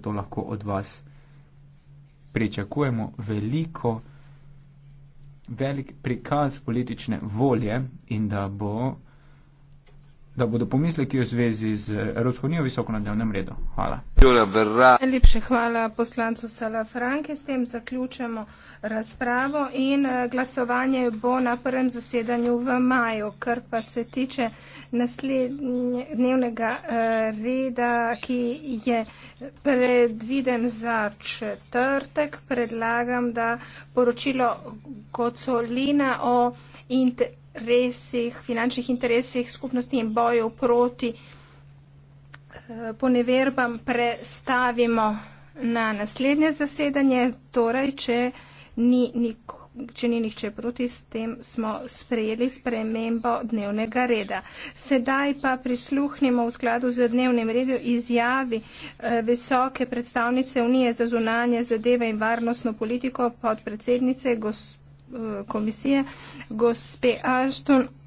Zato lahko od vas pričakujemo veliko, velik prikaz politične volje in da bo da bodo pomisleki v zvezi z Evropsko unijo visoko na dnevnem redu. Hvala. Najlepše hvala poslancu Sala Franke. S tem zaključamo razpravo in eh, glasovanje bo na prvem zasedanju v maju. Kar pa se tiče naslednjega eh, reda, ki je predviden za četrtek, predlagam, da poročilo Kocolina o interesih, finančnih interesih skupnosti in boju proti eh, poneverbam prestavimo na naslednje zasedanje, torej, če ni, ni, če ni nihče proti, s tem smo sprejeli spremembo dnevnega reda. Sedaj pa prisluhnimo v skladu z dnevnem redu izjavi eh, visoke predstavnice Unije za zunanje zadeve in varnostno politiko podpredsednice gospodine. Eh, komisije, gospe Ashton,